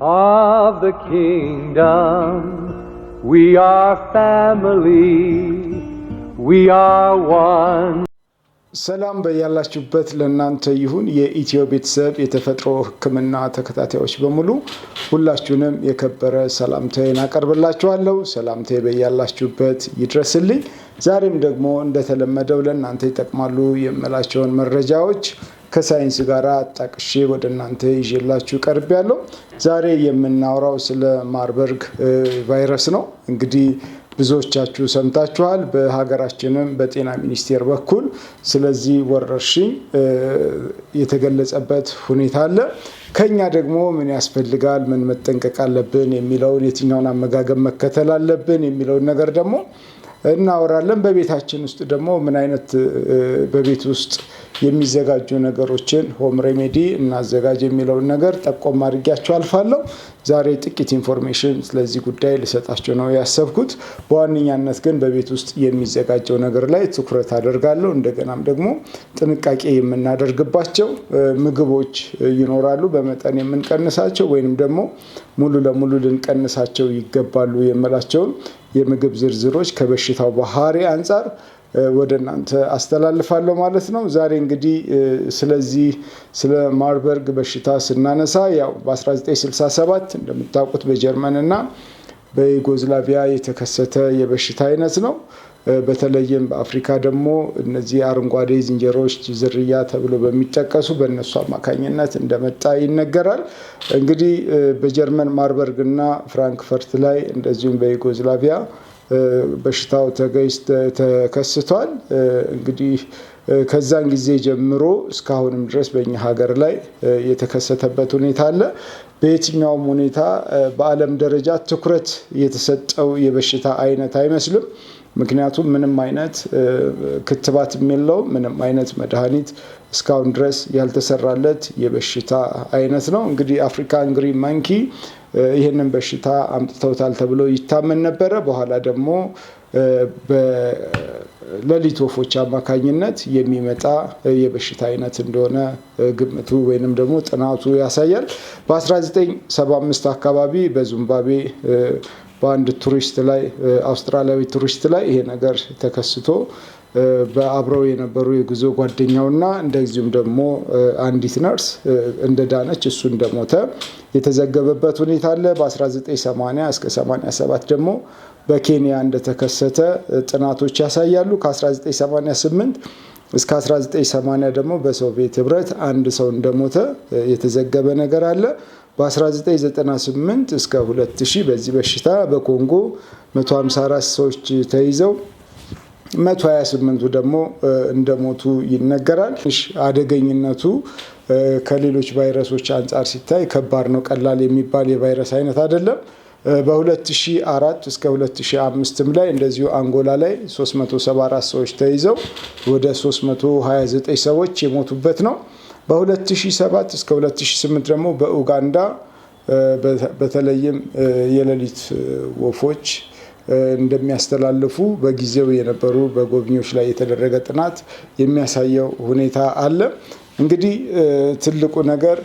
of the kingdom. We are family, we are one. ሰላም በያላችሁበት ለእናንተ ይሁን። የኢትዮ ቤተሰብ የተፈጥሮ ሕክምና ተከታታዮች በሙሉ ሁላችሁንም የከበረ ሰላምታዬን አቀርብላችኋለሁ። ሰላምታዬ በያላችሁበት ይድረስልኝ። ዛሬም ደግሞ እንደተለመደው ለእናንተ ይጠቅማሉ የምላቸውን መረጃዎች ከሳይንስ ጋር አጣቅሼ ወደ እናንተ ይዤላችሁ ቀርብ ያለው ዛሬ የምናወራው ስለ ማርበርግ ቫይረስ ነው። እንግዲህ ብዙዎቻችሁ ሰምታችኋል። በሀገራችንም በጤና ሚኒስቴር በኩል ስለዚህ ወረርሽኝ የተገለጸበት ሁኔታ አለ። ከኛ ደግሞ ምን ያስፈልጋል፣ ምን መጠንቀቅ አለብን የሚለውን የትኛውን አመጋገብ መከተል አለብን የሚለውን ነገር ደግሞ እናወራለን። በቤታችን ውስጥ ደግሞ ምን አይነት በቤት ውስጥ የሚዘጋጁ ነገሮችን ሆም ሬሜዲ እናዘጋጅ የሚለውን ነገር ጠቆም አድርጊያቸው አልፋለሁ። ዛሬ ጥቂት ኢንፎርሜሽን ስለዚህ ጉዳይ ልሰጣቸው ነው ያሰብኩት። በዋነኛነት ግን በቤት ውስጥ የሚዘጋጀው ነገር ላይ ትኩረት አደርጋለሁ። እንደገናም ደግሞ ጥንቃቄ የምናደርግባቸው ምግቦች ይኖራሉ፣ በመጠን የምንቀንሳቸው ወይንም ደግሞ ሙሉ ለሙሉ ልንቀንሳቸው ይገባሉ የምላቸውን የምግብ ዝርዝሮች ከበሽታው ባህሪ አንጻር ወደ እናንተ አስተላልፋለሁ ማለት ነው። ዛሬ እንግዲህ ስለዚህ ስለ ማርበርግ በሽታ ስናነሳ ያው በ1967 እንደምታውቁት በጀርመን እና በዩጎዝላቪያ የተከሰተ የበሽታ አይነት ነው። በተለይም በአፍሪካ ደግሞ እነዚህ አረንጓዴ ዝንጀሮዎች ዝርያ ተብሎ በሚጠቀሱ በእነሱ አማካኝነት እንደመጣ ይነገራል። እንግዲህ በጀርመን ማርበርግ እና ፍራንክፈርት ላይ እንደዚሁም በዩጎዝላቪያ በሽታው ተከስቷል። እንግዲህ ከዛን ጊዜ ጀምሮ እስካሁንም ድረስ በእኛ ሀገር ላይ የተከሰተበት ሁኔታ አለ። በየትኛውም ሁኔታ በዓለም ደረጃ ትኩረት የተሰጠው የበሽታ አይነት አይመስልም። ምክንያቱም ምንም አይነት ክትባት የሚለው ምንም አይነት መድኃኒት እስካሁን ድረስ ያልተሰራለት የበሽታ አይነት ነው። እንግዲህ አፍሪካን ግሪን ማንኪ ይህንን በሽታ አምጥተውታል ተብሎ ይታመን ነበረ። በኋላ ደግሞ በሌሊት ወፎች አማካኝነት የሚመጣ የበሽታ አይነት እንደሆነ ግምቱ ወይንም ደግሞ ጥናቱ ያሳያል። በ1975 አካባቢ በዙምባቤ በአንድ ቱሪስት ላይ አውስትራሊያዊ ቱሪስት ላይ ይሄ ነገር ተከስቶ በአብረው የነበሩ የጉዞ ጓደኛውና እንደዚሁም ደግሞ አንዲት ነርስ እንደዳነች እሱ እንደሞተ የተዘገበበት ሁኔታ አለ። በ1980 እስከ 87 ደግሞ በኬንያ እንደተከሰተ ጥናቶች ያሳያሉ። ከ1988 እስከ 1980 ደግሞ በሶቪየት ህብረት አንድ ሰው እንደሞተ የተዘገበ ነገር አለ። በ1998 እስከ 2000 በዚህ በሽታ በኮንጎ 154 ሰዎች ተይዘው መቶ 28ቱ ደግሞ እንደሞቱ ይነገራል። አደገኝነቱ ከሌሎች ቫይረሶች አንጻር ሲታይ ከባድ ነው። ቀላል የሚባል የቫይረስ አይነት አይደለም። በ2004 እስከ 2005 ላይ እንደዚሁ አንጎላ ላይ 374 ሰዎች ተይዘው ወደ 329 ሰዎች የሞቱበት ነው። በ2007 እስከ 2008 ደግሞ በኡጋንዳ በተለይም የሌሊት ወፎች እንደሚያስተላልፉ በጊዜው የነበሩ በጎብኚዎች ላይ የተደረገ ጥናት የሚያሳየው ሁኔታ አለ። እንግዲህ ትልቁ ነገር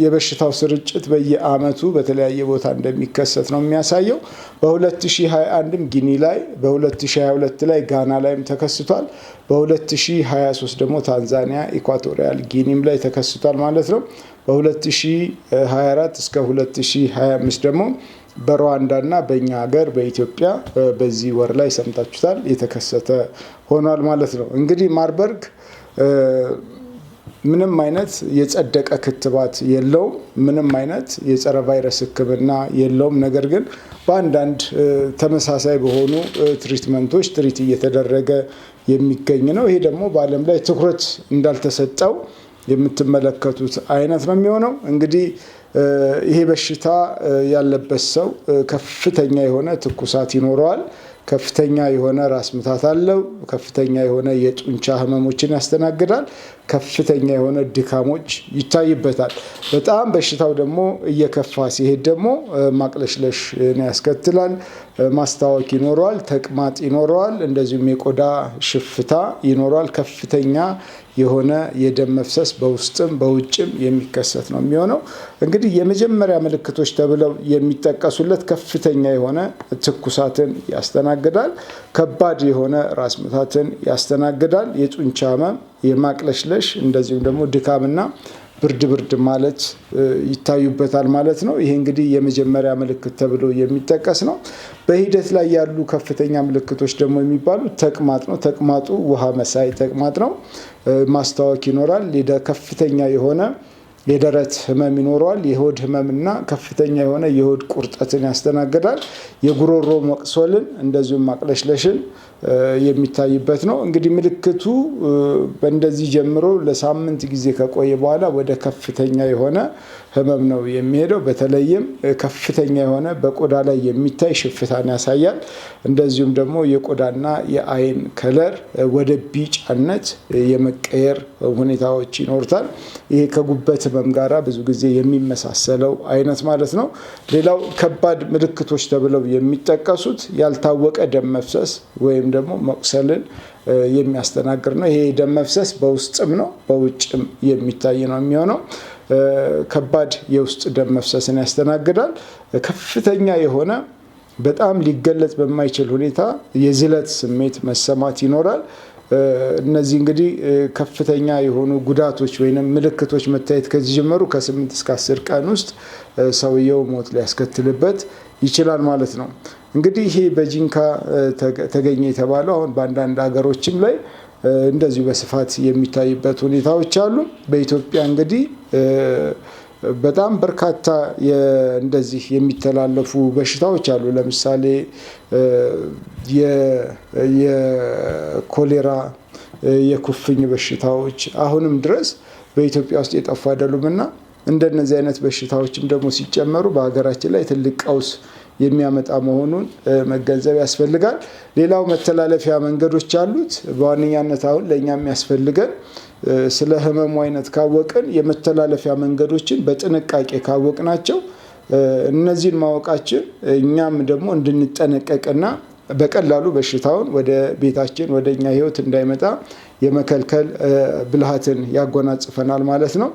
የበሽታው ስርጭት በየአመቱ በተለያየ ቦታ እንደሚከሰት ነው የሚያሳየው። በ2021ም ጊኒ ላይ፣ በ2022 ላይ ጋና ላይም ተከስቷል። በ2023 ደግሞ ታንዛኒያ፣ ኢኳቶሪያል ጊኒም ላይ ተከስቷል ማለት ነው። በ2024 እስከ 2025 ደግሞ በሩዋንዳና በእኛ ሀገር በኢትዮጵያ በዚህ ወር ላይ ሰምታችሁታል የተከሰተ ሆኗል ማለት ነው። እንግዲህ ማርበርግ ምንም አይነት የጸደቀ ክትባት የለውም። ምንም አይነት የጸረ ቫይረስ ሕክምና የለውም። ነገር ግን በአንዳንድ ተመሳሳይ በሆኑ ትሪትመንቶች ትሪት እየተደረገ የሚገኝ ነው። ይሄ ደግሞ በዓለም ላይ ትኩረት እንዳልተሰጠው የምትመለከቱት አይነት ነው የሚሆነው እንግዲህ ይሄ በሽታ ያለበት ሰው ከፍተኛ የሆነ ትኩሳት ይኖረዋል። ከፍተኛ የሆነ ራስ ምታት አለው። ከፍተኛ የሆነ የጡንቻ ህመሞችን ያስተናግዳል። ከፍተኛ የሆነ ድካሞች ይታይበታል። በጣም በሽታው ደግሞ እየከፋ ሲሄድ ደግሞ ማቅለሽለሽ ያስከትላል። ማስታወክ ይኖረዋል፣ ተቅማጥ ይኖረዋል፣ እንደዚሁም የቆዳ ሽፍታ ይኖረዋል። ከፍተኛ የሆነ የደም መፍሰስ በውስጥም በውጭም የሚከሰት ነው የሚሆነው። እንግዲህ የመጀመሪያ ምልክቶች ተብለው የሚጠቀሱለት ከፍተኛ የሆነ ትኩሳትን ያስተናግዳል። ከባድ የሆነ ራስ ምታትን ያስተናግዳል። የጡንቻ ህመም፣ የማቅለሽለሽ እንደዚሁም ደግሞ ድካምና ብርድ ብርድ ማለት ይታዩበታል ማለት ነው። ይሄ እንግዲህ የመጀመሪያ ምልክት ተብሎ የሚጠቀስ ነው። በሂደት ላይ ያሉ ከፍተኛ ምልክቶች ደግሞ የሚባሉ ተቅማጥ ነው። ተቅማጡ ውሃ መሳይ ተቅማጥ ነው። ማስታወክ ይኖራል። ከፍተኛ የሆነ የደረት ህመም ይኖረዋል። የሆድ ህመምና ከፍተኛ የሆነ የሆድ ቁርጠትን ያስተናግዳል። የጉሮሮ መቅሶልን እንደዚሁም ማቅለሽለሽን የሚታይበት ነው። እንግዲህ ምልክቱ በእንደዚህ ጀምሮ ለሳምንት ጊዜ ከቆየ በኋላ ወደ ከፍተኛ የሆነ ህመም ነው የሚሄደው። በተለይም ከፍተኛ የሆነ በቆዳ ላይ የሚታይ ሽፍታን ያሳያል። እንደዚሁም ደግሞ የቆዳና የአይን ከለር ወደ ቢጫነት የመቀየር ሁኔታዎች ይኖርታል። ይሄ ከጉበት ህመም ጋራ ብዙ ጊዜ የሚመሳሰለው አይነት ማለት ነው። ሌላው ከባድ ምልክቶች ተብለው የሚጠቀሱት ያልታወቀ ደም መፍሰስ ወይም ደግሞ መቁሰልን የሚያስተናግድ ነው። ይሄ ደም መፍሰስ በውስጥም ነው በውጭም የሚታይ ነው የሚሆነው። ከባድ የውስጥ ደም መፍሰስን ያስተናግዳል። ከፍተኛ የሆነ በጣም ሊገለጽ በማይችል ሁኔታ የዝለት ስሜት መሰማት ይኖራል። እነዚህ እንግዲህ ከፍተኛ የሆኑ ጉዳቶች ወይም ምልክቶች መታየት ጀመሩ ከ8 እስከ 10 ቀን ውስጥ ሰውየው ሞት ሊያስከትልበት ይችላል ማለት ነው። እንግዲህ ይሄ በጂንካ ተገኘ የተባለው አሁን በአንዳንድ ሀገሮችም ላይ እንደዚሁ በስፋት የሚታይበት ሁኔታዎች አሉ። በኢትዮጵያ እንግዲህ በጣም በርካታ እንደዚህ የሚተላለፉ በሽታዎች አሉ። ለምሳሌ የኮሌራ፣ የኩፍኝ በሽታዎች አሁንም ድረስ በኢትዮጵያ ውስጥ የጠፉ አይደሉም እና እንደነዚህ አይነት በሽታዎችም ደግሞ ሲጨመሩ በሀገራችን ላይ ትልቅ ቀውስ የሚያመጣ መሆኑን መገንዘብ ያስፈልጋል። ሌላው መተላለፊያ መንገዶች አሉት። በዋነኛነት አሁን ለእኛ የሚያስፈልገን ስለ ህመሙ አይነት ካወቅን የመተላለፊያ መንገዶችን በጥንቃቄ ካወቅናቸው እነዚህን ማወቃችን እኛም ደግሞ እንድንጠነቀቅና በቀላሉ በሽታውን ወደ ቤታችን ወደ እኛ ህይወት እንዳይመጣ የመከልከል ብልሃትን ያጎናጽፈናል ማለት ነው።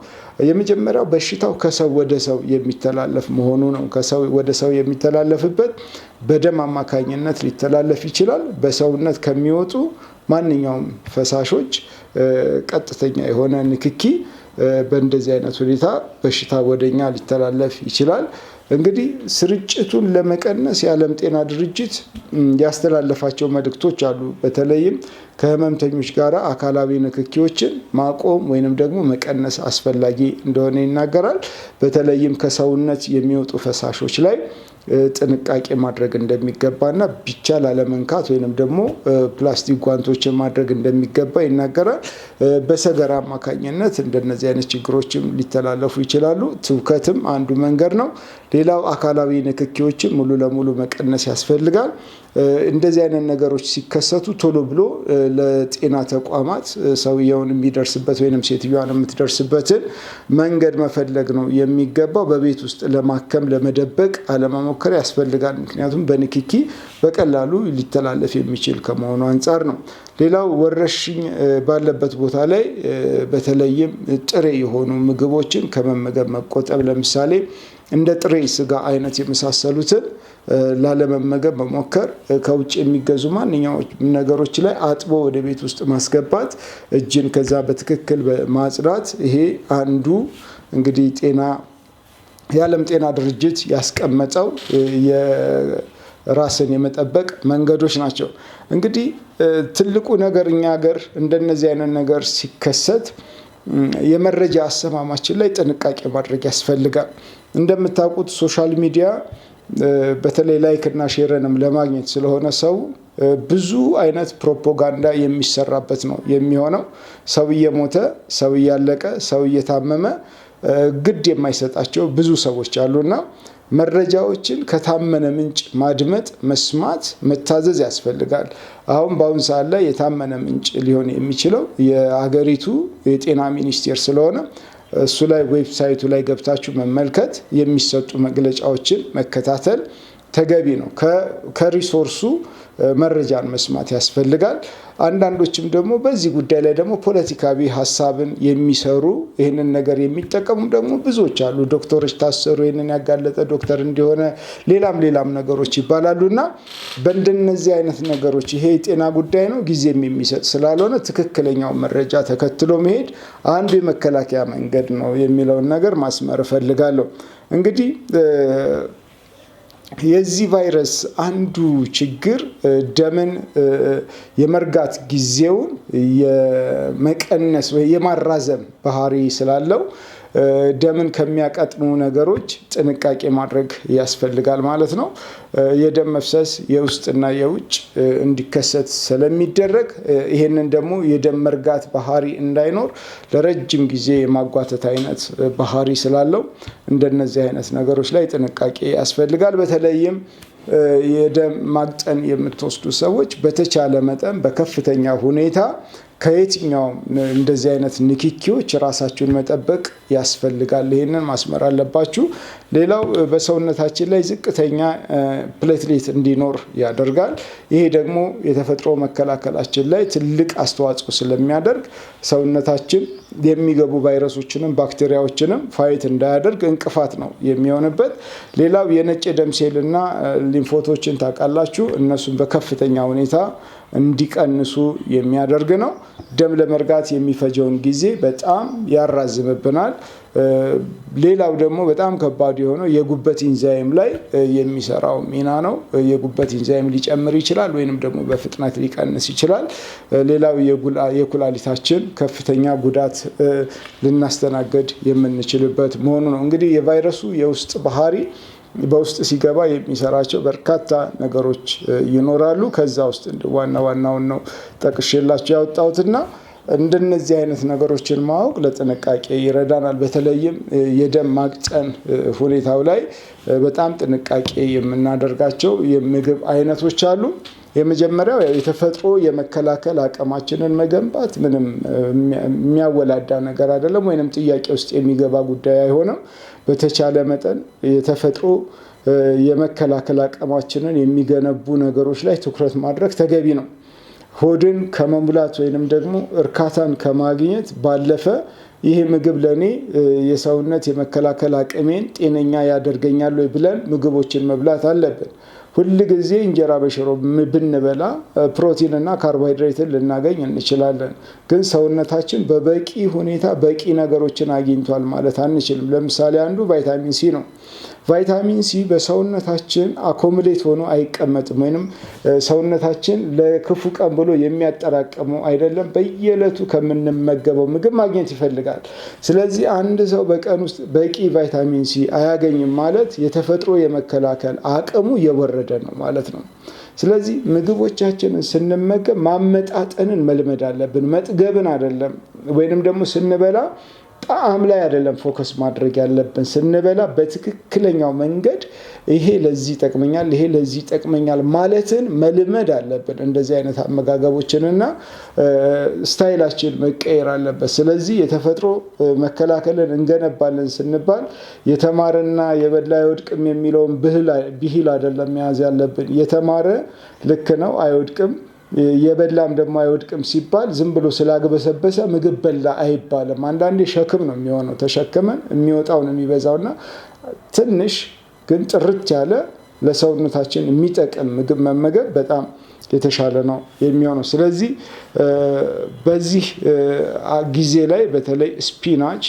የመጀመሪያው በሽታው ከሰው ወደ ሰው የሚተላለፍ መሆኑ ነው። ከሰው ወደ ሰው የሚተላለፍበት በደም አማካኝነት ሊተላለፍ ይችላል። በሰውነት ከሚወጡ ማንኛውም ፈሳሾች ቀጥተኛ የሆነ ንክኪ በእንደዚህ አይነት ሁኔታ በሽታ ወደኛ ሊተላለፍ ይችላል። እንግዲህ ስርጭቱን ለመቀነስ የዓለም ጤና ድርጅት ያስተላለፋቸው መልእክቶች አሉ። በተለይም ከህመምተኞች ጋር አካላዊ ንክኪዎችን ማቆም ወይንም ደግሞ መቀነስ አስፈላጊ እንደሆነ ይናገራል። በተለይም ከሰውነት የሚወጡ ፈሳሾች ላይ ጥንቃቄ ማድረግ እንደሚገባና ብቻ ላለመንካት ወይንም ደግሞ ፕላስቲክ ጓንቶችን ማድረግ እንደሚገባ ይናገራል። በሰገራ አማካኝነት እንደነዚህ አይነት ችግሮችም ሊተላለፉ ይችላሉ። ትውከትም አንዱ መንገድ ነው። ሌላው አካላዊ ንክኪዎችን ሙሉ ለሙሉ መቀነስ ያስፈልጋል። እንደዚህ አይነት ነገሮች ሲከሰቱ ቶሎ ብሎ ለጤና ተቋማት ሰውየውን የሚደርስበት ወይም ሴትዮዋን የምትደርስበትን መንገድ መፈለግ ነው የሚገባው። በቤት ውስጥ ለማከም ለመደበቅ አለመሞከር ያስፈልጋል። ምክንያቱም በንክኪ በቀላሉ ሊተላለፍ የሚችል ከመሆኑ አንጻር ነው። ሌላው ወረርሽኝ ባለበት ቦታ ላይ በተለይም ጥሬ የሆኑ ምግቦችን ከመመገብ መቆጠብ፣ ለምሳሌ እንደ ጥሬ ስጋ አይነት የመሳሰሉትን ላለመመገብ መሞከር፣ ከውጭ የሚገዙ ማንኛውም ነገሮች ላይ አጥቦ ወደ ቤት ውስጥ ማስገባት፣ እጅን ከዛ በትክክል ማጽዳት፣ ይሄ አንዱ እንግዲህ ጤና የዓለም ጤና ድርጅት ያስቀመጠው ራስን የመጠበቅ መንገዶች ናቸው። እንግዲህ ትልቁ ነገር እኛ ሀገር እንደነዚህ አይነት ነገር ሲከሰት የመረጃ አሰማማችን ላይ ጥንቃቄ ማድረግ ያስፈልጋል። እንደምታውቁት ሶሻል ሚዲያ በተለይ ላይክ እና ሼረንም ለማግኘት ስለሆነ ሰው ብዙ አይነት ፕሮፓጋንዳ የሚሰራበት ነው የሚሆነው። ሰው እየሞተ፣ ሰው እያለቀ፣ ሰው እየታመመ ግድ የማይሰጣቸው ብዙ ሰዎች አሉና መረጃዎችን ከታመነ ምንጭ ማድመጥ፣ መስማት፣ መታዘዝ ያስፈልጋል። አሁን በአሁን ሰዓት ላይ የታመነ ምንጭ ሊሆን የሚችለው የሀገሪቱ የጤና ሚኒስቴር ስለሆነ እሱ ላይ ዌብሳይቱ ላይ ገብታችሁ መመልከት፣ የሚሰጡ መግለጫዎችን መከታተል ተገቢ ነው። ከሪሶርሱ መረጃን መስማት ያስፈልጋል። አንዳንዶችም ደግሞ በዚህ ጉዳይ ላይ ደግሞ ፖለቲካዊ ሀሳብን የሚሰሩ ይህንን ነገር የሚጠቀሙ ደግሞ ብዙዎች አሉ። ዶክተሮች ታሰሩ፣ ይህንን ያጋለጠ ዶክተር እንዲሆነ ሌላም ሌላም ነገሮች ይባላሉ እና በእንደነዚህ አይነት ነገሮች ይሄ የጤና ጉዳይ ነው፣ ጊዜም የሚሰጥ ስላልሆነ ትክክለኛው መረጃ ተከትሎ መሄድ አንዱ የመከላከያ መንገድ ነው የሚለውን ነገር ማስመር እፈልጋለሁ እንግዲህ የዚህ ቫይረስ አንዱ ችግር ደምን የመርጋት ጊዜውን የመቀነስ ወይ የማራዘም ባህሪ ስላለው ደምን ከሚያቀጥሙ ነገሮች ጥንቃቄ ማድረግ ያስፈልጋል ማለት ነው። የደም መፍሰስ የውስጥና የውጭ እንዲከሰት ስለሚደረግ ይህንን ደግሞ የደም መርጋት ባህሪ እንዳይኖር ለረጅም ጊዜ የማጓተት አይነት ባህሪ ስላለው እንደነዚህ አይነት ነገሮች ላይ ጥንቃቄ ያስፈልጋል። በተለይም የደም ማቅጠን የምትወስዱ ሰዎች በተቻለ መጠን በከፍተኛ ሁኔታ ከየትኛውም እንደዚህ አይነት ንክኪዎች ራሳችሁን መጠበቅ ያስፈልጋል። ይህንን ማስመር አለባችሁ። ሌላው በሰውነታችን ላይ ዝቅተኛ ፕሌትሌት እንዲኖር ያደርጋል። ይሄ ደግሞ የተፈጥሮ መከላከላችን ላይ ትልቅ አስተዋጽኦ ስለሚያደርግ ሰውነታችን የሚገቡ ቫይረሶችንም ባክቴሪያዎችንም ፋይት እንዳያደርግ እንቅፋት ነው የሚሆንበት። ሌላው የነጭ ደም ሴልና ሊምፎቶችን ታውቃላችሁ። እነሱን በከፍተኛ ሁኔታ እንዲቀንሱ የሚያደርግ ነው። ደም ለመርጋት የሚፈጀውን ጊዜ በጣም ያራዝምብናል። ሌላው ደግሞ በጣም ከባድ የሆነው የጉበት ኢንዛይም ላይ የሚሰራው ሚና ነው። የጉበት ኢንዛይም ሊጨምር ይችላል ወይንም ደግሞ በፍጥነት ሊቀንስ ይችላል። ሌላው የኩላሊታችን ከፍተኛ ጉዳት ልናስተናገድ የምንችልበት መሆኑ ነው። እንግዲህ የቫይረሱ የውስጥ ባህሪ በውስጥ ሲገባ የሚሰራቸው በርካታ ነገሮች ይኖራሉ። ከዛ ውስጥ ዋና ዋናውን ነው ጠቅሼላቸው ያወጣሁትና እንደነዚህ አይነት ነገሮችን ማወቅ ለጥንቃቄ ይረዳናል። በተለይም የደም ማቅጠን ሁኔታው ላይ በጣም ጥንቃቄ የምናደርጋቸው የምግብ አይነቶች አሉ። የመጀመሪያው የተፈጥሮ የመከላከል አቅማችንን መገንባት ምንም የሚያወላዳ ነገር አይደለም፣ ወይንም ጥያቄ ውስጥ የሚገባ ጉዳይ አይሆንም። በተቻለ መጠን የተፈጥሮ የመከላከል አቅማችንን የሚገነቡ ነገሮች ላይ ትኩረት ማድረግ ተገቢ ነው። ሆድን ከመሙላት ወይንም ደግሞ እርካታን ከማግኘት ባለፈ ይህ ምግብ ለእኔ የሰውነት የመከላከል አቅሜን ጤነኛ ያደርገኛል ወይ ብለን ምግቦችን መብላት አለብን። ሁል ጊዜ እንጀራ በሽሮ ብንበላ ፕሮቲንና ካርቦሃይድሬትን ልናገኝ እንችላለን። ግን ሰውነታችን በበቂ ሁኔታ በቂ ነገሮችን አግኝቷል ማለት አንችልም። ለምሳሌ አንዱ ቫይታሚን ሲ ነው። ቫይታሚን ሲ በሰውነታችን አኮምዴት ሆኖ አይቀመጥም፣ ወይም ሰውነታችን ለክፉ ቀን ብሎ የሚያጠራቅመው አይደለም። በየዕለቱ ከምንመገበው ምግብ ማግኘት ይፈልጋል። ስለዚህ አንድ ሰው በቀን ውስጥ በቂ ቫይታሚን ሲ አያገኝም ማለት የተፈጥሮ የመከላከል አቅሙ የወረደ ነው ማለት ነው። ስለዚህ ምግቦቻችንን ስንመገብ ማመጣጠንን መልመድ አለብን። መጥገብን አይደለም ወይንም ደግሞ ስንበላ ጣዕም ላይ አይደለም ፎከስ ማድረግ ያለብን። ስንበላ በትክክለኛው መንገድ ይሄ ለዚህ ይጠቅመኛል፣ ይሄ ለዚህ ይጠቅመኛል ማለትን መልመድ አለብን። እንደዚህ አይነት አመጋገቦችን ና ስታይላችን መቀየር አለበት። ስለዚህ የተፈጥሮ መከላከልን እንገነባለን ስንባል የተማረና የበላ አይወድቅም የሚለውን ብሂል አይደለም መያዝ ያለብን። የተማረ ልክ ነው አይወድቅም የበላም ደግሞ አይወድቅም ሲባል ዝም ብሎ ስላግበሰበሰ ምግብ በላ አይባልም። አንዳንዴ ሸክም ነው የሚሆነው ተሸክመን የሚወጣው ነው የሚበዛውና ትንሽ ግን ጥርት ያለ ለሰውነታችን የሚጠቅም ምግብ መመገብ በጣም የተሻለ ነው የሚሆነው። ስለዚህ በዚህ ጊዜ ላይ በተለይ ስፒናች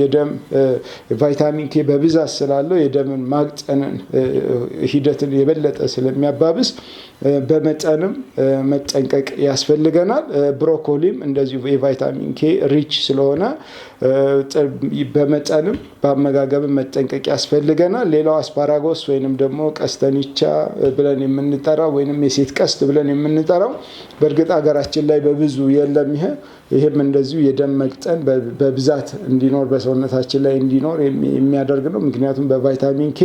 የደም ቫይታሚን ኬ በብዛት ስላለው የደምን ማቅጠንን ሂደትን የበለጠ ስለሚያባብስ በመጠንም መጠንቀቅ ያስፈልገናል። ብሮኮሊም እንደዚሁ የቫይታሚን ኬ ሪች ስለሆነ በመጠንም በአመጋገብም መጠንቀቅ ያስፈልገናል። ሌላው አስፓራጎስ ወይንም ደግሞ ቀስተኒቻ ብለን የምንጠራው ወይንም የሴት ቀስት ብለን የምንጠራው በእርግጥ ሀገራችን ላይ በብዙ የለም ይሄ ይህም እንደዚሁ የደም መቅጠን በብዛት እንዲኖር በሰውነታችን ላይ እንዲኖር የሚያደርግ ነው። ምክንያቱም በቫይታሚን ኬ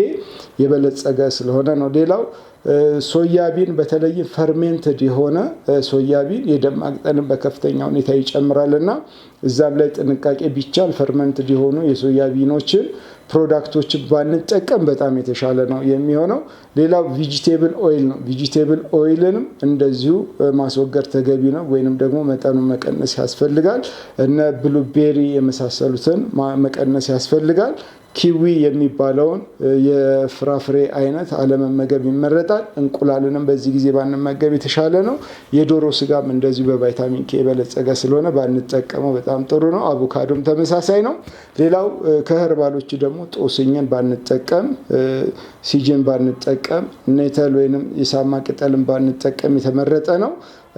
የበለጸገ ስለሆነ ነው። ሌላው ሶያቢን በተለይም ፈርሜንትድ የሆነ ሶያቢን የደም ማቅጠንን በከፍተኛ ሁኔታ ይጨምራል እና እዛም ላይ ጥንቃቄ ቢቻል ፈርመንትድ የሆኑ የሶያቢኖችን ፕሮዳክቶች ባንጠቀም በጣም የተሻለ ነው የሚሆነው። ሌላው ቪጂቴብል ኦይል ነው። ቪጂቴብል ኦይልንም እንደዚሁ ማስወገድ ተገቢ ነው፣ ወይንም ደግሞ መጠኑ መቀነስ ያስፈልጋል። እነ ብሉቤሪ የመሳሰሉትን መቀነስ ያስፈልጋል። ኪዊ የሚባለውን የፍራፍሬ አይነት አለመመገብ ይመረጣል። እንቁላልንም በዚህ ጊዜ ባንመገብ የተሻለ ነው። የዶሮ ስጋም እንደዚሁ በቫይታሚን ኬ የበለጸገ ስለሆነ ባንጠቀመው በጣም ጥሩ ነው። አቮካዶም ተመሳሳይ ነው። ሌላው ከህርባሎች ደግሞ ጦስኝን ባንጠቀም፣ ሲጅን ባንጠቀም፣ ኔተል ወይንም የሳማ ቅጠልን ባንጠቀም የተመረጠ ነው።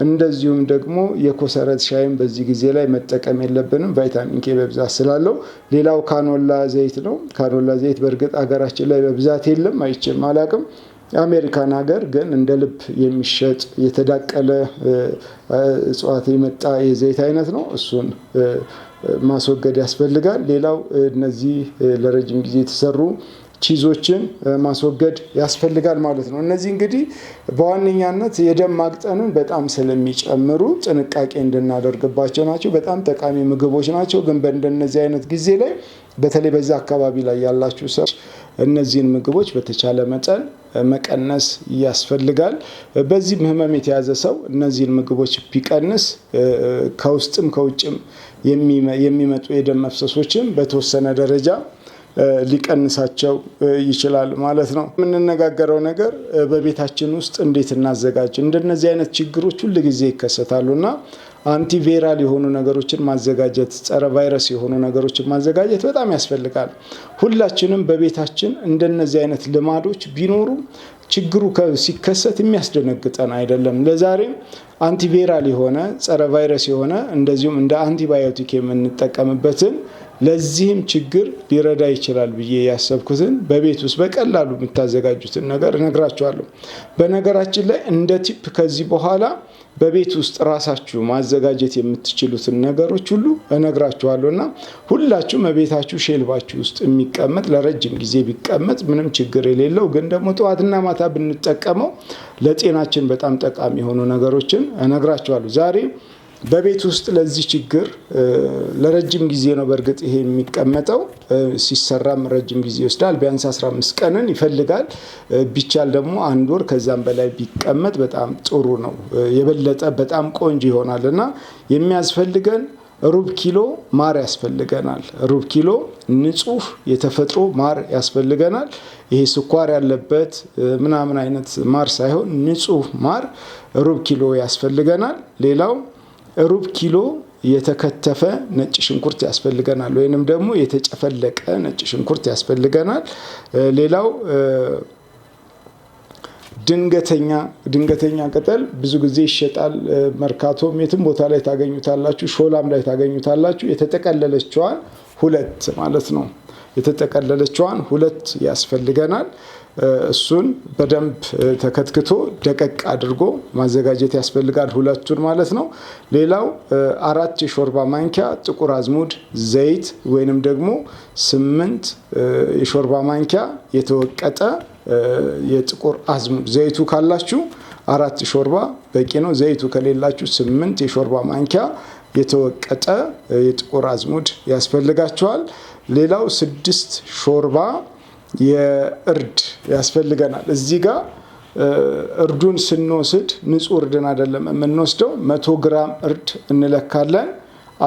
እንደዚሁም ደግሞ የኮሰረት ሻይም በዚህ ጊዜ ላይ መጠቀም የለብንም፣ ቫይታሚን ኬ በብዛት ስላለው። ሌላው ካኖላ ዘይት ነው። ካኖላ ዘይት በእርግጥ ሀገራችን ላይ በብዛት የለም፣ አይቼም አላቅም። የአሜሪካን ሀገር ግን እንደ ልብ የሚሸጥ የተዳቀለ እጽዋት የመጣ የዘይት አይነት ነው። እሱን ማስወገድ ያስፈልጋል። ሌላው እነዚህ ለረጅም ጊዜ የተሰሩ ቺዞችን ማስወገድ ያስፈልጋል ማለት ነው። እነዚህ እንግዲህ በዋነኛነት የደም ማቅጠንን በጣም ስለሚጨምሩ ጥንቃቄ እንድናደርግባቸው ናቸው። በጣም ጠቃሚ ምግቦች ናቸው። ግን በእንደነዚህ አይነት ጊዜ ላይ በተለይ በዛ አካባቢ ላይ ያላችሁ ሰዎች እነዚህን ምግቦች በተቻለ መጠን መቀነስ ያስፈልጋል። በዚህም ህመም የተያዘ ሰው እነዚህን ምግቦች ቢቀንስ ከውስጥም ከውጭም የሚመጡ የደም መፍሰሶችን በተወሰነ ደረጃ ሊቀንሳቸው ይችላል ማለት ነው። የምንነጋገረው ነገር በቤታችን ውስጥ እንዴት እናዘጋጅ። እንደነዚህ አይነት ችግሮች ሁል ጊዜ ይከሰታሉ እና አንቲቬራል የሆኑ ነገሮችን ማዘጋጀት፣ ጸረ ቫይረስ የሆኑ ነገሮችን ማዘጋጀት በጣም ያስፈልጋል። ሁላችንም በቤታችን እንደነዚህ አይነት ልማዶች ቢኖሩም ችግሩ ሲከሰት የሚያስደነግጠን አይደለም። ለዛሬም አንቲቬራል የሆነ ጸረ ቫይረስ የሆነ እንደዚሁም እንደ አንቲባዮቲክ የምንጠቀምበትን ለዚህም ችግር ሊረዳ ይችላል ብዬ ያሰብኩትን በቤት ውስጥ በቀላሉ የምታዘጋጁትን ነገር እነግራችኋለሁ። በነገራችን ላይ እንደ ቲፕ ከዚህ በኋላ በቤት ውስጥ ራሳችሁ ማዘጋጀት የምትችሉትን ነገሮች ሁሉ እነግራችኋለሁ እና ሁላችሁም በቤታችሁ ሼልባችሁ ውስጥ የሚቀመጥ ለረጅም ጊዜ ቢቀመጥ ምንም ችግር የሌለው ግን ደግሞ ጠዋትና ማታ ብንጠቀመው ለጤናችን በጣም ጠቃሚ የሆኑ ነገሮችን እነግራችኋለሁ ዛሬ በቤት ውስጥ ለዚህ ችግር ለረጅም ጊዜ ነው በእርግጥ ይሄ የሚቀመጠው። ሲሰራም ረጅም ጊዜ ይወስዳል። ቢያንስ 15 ቀንን ይፈልጋል። ቢቻል ደግሞ አንድ ወር ከዛም በላይ ቢቀመጥ በጣም ጥሩ ነው። የበለጠ በጣም ቆንጆ ይሆናል እና የሚያስፈልገን ሩብ ኪሎ ማር ያስፈልገናል። ሩብ ኪሎ ንጹህ የተፈጥሮ ማር ያስፈልገናል። ይሄ ስኳር ያለበት ምናምን አይነት ማር ሳይሆን ንጹህ ማር ሩብ ኪሎ ያስፈልገናል። ሌላው ሩብ ኪሎ የተከተፈ ነጭ ሽንኩርት ያስፈልገናል፣ ወይንም ደግሞ የተጨፈለቀ ነጭ ሽንኩርት ያስፈልገናል። ሌላው ድንገተኛ ድንገተኛ ቅጠል ብዙ ጊዜ ይሸጣል። መርካቶም የትም ቦታ ላይ ታገኙታላችሁ፣ ሾላም ላይ ታገኙታላችሁ። የተጠቀለለችዋን ሁለት ማለት ነው። የተጠቀለለችዋን ሁለት ያስፈልገናል። እሱን በደንብ ተከትክቶ ደቀቅ አድርጎ ማዘጋጀት ያስፈልጋል፣ ሁለቱን ማለት ነው። ሌላው አራት የሾርባ ማንኪያ ጥቁር አዝሙድ ዘይት ወይንም ደግሞ ስምንት የሾርባ ማንኪያ የተወቀጠ የጥቁር አዝሙድ ዘይቱ ካላችሁ አራት ሾርባ በቂ ነው። ዘይቱ ከሌላችሁ ስምንት የሾርባ ማንኪያ የተወቀጠ የጥቁር አዝሙድ ያስፈልጋችኋል። ሌላው ስድስት ሾርባ የእርድ ያስፈልገናል። እዚህ ጋር እርዱን ስንወስድ ንጹህ እርድን አይደለም የምንወስደው። መቶ ግራም እርድ እንለካለን።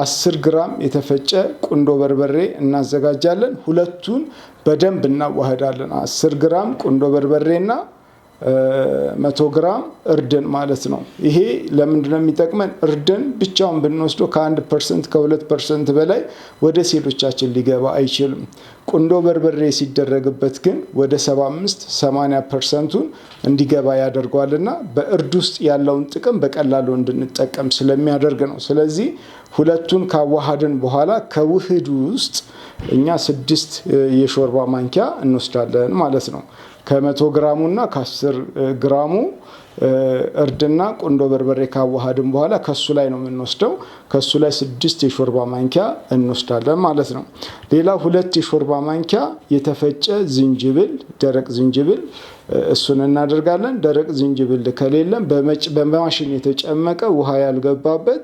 አስር ግራም የተፈጨ ቁንዶ በርበሬ እናዘጋጃለን። ሁለቱን በደንብ እናዋህዳለን። አስር ግራም ቁንዶ በርበሬና መቶ ግራም እርድን ማለት ነው። ይሄ ለምንድነው የሚጠቅመን? እርድን ብቻውን ብንወስዶ ከአንድ ፐርሰንት ከሁለት ፐርሰንት በላይ ወደ ሴሎቻችን ሊገባ አይችልም። ቁንዶ በርበሬ ሲደረግበት ግን ወደ 75 80 ፐርሰንቱን እንዲገባ ያደርገዋልና በእርድ ውስጥ ያለውን ጥቅም በቀላሉ እንድንጠቀም ስለሚያደርግ ነው። ስለዚህ ሁለቱን ካዋሃድን በኋላ ከውህዱ ውስጥ እኛ ስድስት የሾርባ ማንኪያ እንወስዳለን ማለት ነው። ከመቶ ግራሙ እና ከአስር ግራሙ እርድና ቁንዶ በርበሬ ካዋሃድን በኋላ ከሱ ላይ ነው የምንወስደው። ከሱ ላይ ስድስት የሾርባ ማንኪያ እንወስዳለን ማለት ነው። ሌላ ሁለት የሾርባ ማንኪያ የተፈጨ ዝንጅብል፣ ደረቅ ዝንጅብል እሱን እናደርጋለን። ደረቅ ዝንጅብል ከሌለም በማሽን የተጨመቀ ውሃ ያልገባበት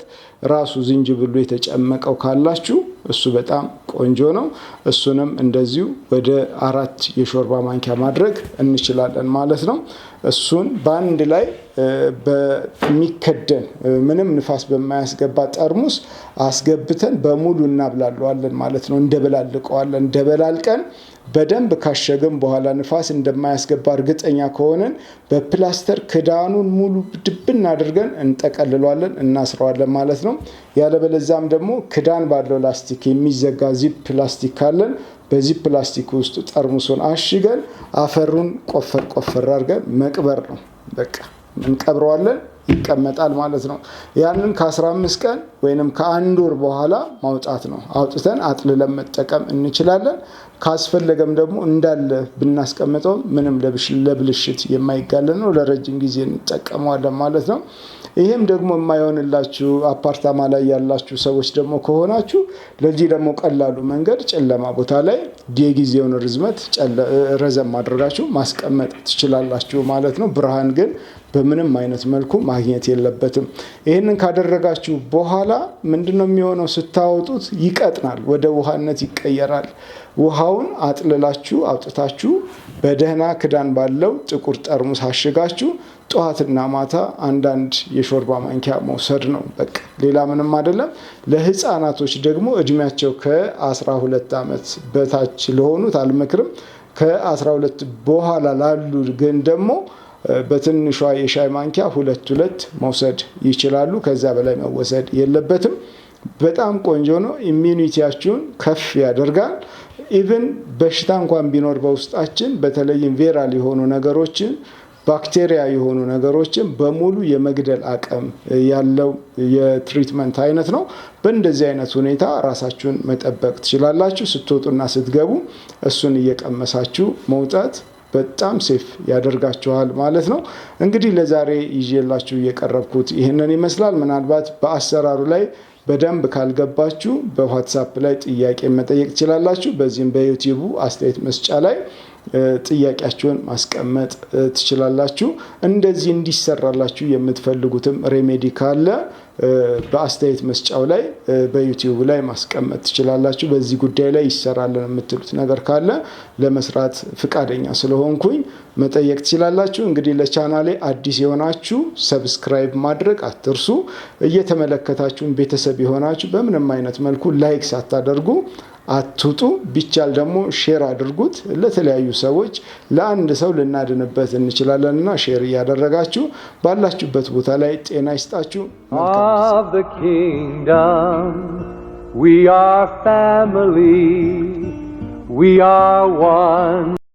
ራሱ ዝንጅብሉ የተጨመቀው ካላችሁ እሱ በጣም ቆንጆ ነው። እሱንም እንደዚሁ ወደ አራት የሾርባ ማንኪያ ማድረግ እንችላለን ማለት ነው። እሱን በአንድ ላይ በሚከደን ምንም ንፋስ በማያስገባ ጠርሙስ አስገብተን በሙሉ እናብላለዋለን ማለት ነው። እንደበላልቀዋለን። እንደበላልቀን በደንብ ካሸግን በኋላ ንፋስ እንደማያስገባ እርግጠኛ ከሆንን በፕላስተር ክዳኑን ሙሉ ድብ አድርገን እንጠቀልለዋለን፣ እናስረዋለን ማለት ነው። ነው። ያለበለዛም ደግሞ ክዳን ባለው ላስቲክ የሚዘጋ ዚፕ ላስቲክ ካለን በዚፕ ላስቲክ ውስጥ ጠርሙሱን አሽገን አፈሩን ቆፈር ቆፈር አድርገን መቅበር ነው። በቃ እንቀብረዋለን፣ ይቀመጣል ማለት ነው። ያንን ከ15 ቀን ወይንም ከአንድ ወር በኋላ ማውጣት ነው። አውጥተን አጥልለን መጠቀም እንችላለን። ካስፈለገም ደግሞ እንዳለ ብናስቀምጠው ምንም ለብልሽት የማይጋለን ነው። ለረጅም ጊዜ እንጠቀመዋለን ማለት ነው። ይህም ደግሞ የማይሆንላችሁ አፓርታማ ላይ ያላችሁ ሰዎች ደግሞ ከሆናችሁ ለዚህ ደግሞ ቀላሉ መንገድ ጨለማ ቦታ ላይ የጊዜውን ርዝመት ረዘም አድርጋችሁ ማስቀመጥ ትችላላችሁ ማለት ነው። ብርሃን ግን በምንም አይነት መልኩ ማግኘት የለበትም። ይህንን ካደረጋችሁ በኋላ ምንድነው የሚሆነው? ስታወጡት ይቀጥናል፣ ወደ ውሃነት ይቀየራል። ውሃውን አጥልላችሁ አውጥታችሁ በደህና ክዳን ባለው ጥቁር ጠርሙስ አሽጋችሁ ጠዋትና ማታ አንዳንድ የሾርባ ማንኪያ መውሰድ ነው። በቃ ሌላ ምንም አይደለም። ለህፃናቶች ደግሞ እድሜያቸው ከ12 ዓመት በታች ለሆኑት አልመክርም። ከ12 በኋላ ላሉ ግን ደግሞ በትንሿ የሻይ ማንኪያ ሁለት ሁለት መውሰድ ይችላሉ። ከዚያ በላይ መወሰድ የለበትም። በጣም ቆንጆ ነው። ኢሚኒቲያችሁን ከፍ ያደርጋል። ኢቭን በሽታ እንኳን ቢኖር በውስጣችን በተለይም ቬራል የሆኑ ነገሮችን ባክቴሪያ የሆኑ ነገሮችን በሙሉ የመግደል አቅም ያለው የትሪትመንት አይነት ነው። በእንደዚህ አይነት ሁኔታ ራሳችሁን መጠበቅ ትችላላችሁ። ስትወጡና ስትገቡ እሱን እየቀመሳችሁ መውጣት በጣም ሴፍ ያደርጋችኋል ማለት ነው። እንግዲህ ለዛሬ ይዤላችሁ እየቀረብኩት ይህንን ይመስላል። ምናልባት በአሰራሩ ላይ በደንብ ካልገባችሁ በዋትሳፕ ላይ ጥያቄ መጠየቅ ትችላላችሁ። በዚህም በዩቲዩቡ አስተያየት መስጫ ላይ ጥያቄያችሁን ማስቀመጥ ትችላላችሁ። እንደዚህ እንዲሰራላችሁ የምትፈልጉትም ሬሜዲ ካለ በአስተያየት መስጫው ላይ በዩቲዩብ ላይ ማስቀመጥ ትችላላችሁ። በዚህ ጉዳይ ላይ ይሰራለን የምትሉት ነገር ካለ ለመስራት ፍቃደኛ ስለሆንኩኝ መጠየቅ ትችላላችሁ። እንግዲህ ለቻናሌ አዲስ የሆናችሁ ሰብስክራይብ ማድረግ አትርሱ። እየተመለከታችሁን ቤተሰብ የሆናችሁ በምንም አይነት መልኩ ላይክ ሳታደርጉ አትውጡ። ቢቻል ደግሞ ሼር አድርጉት ለተለያዩ ሰዎች። ለአንድ ሰው ልናድንበት እንችላለን እና ሼር እያደረጋችሁ ባላችሁበት ቦታ ላይ ጤና ይስጣችሁ። We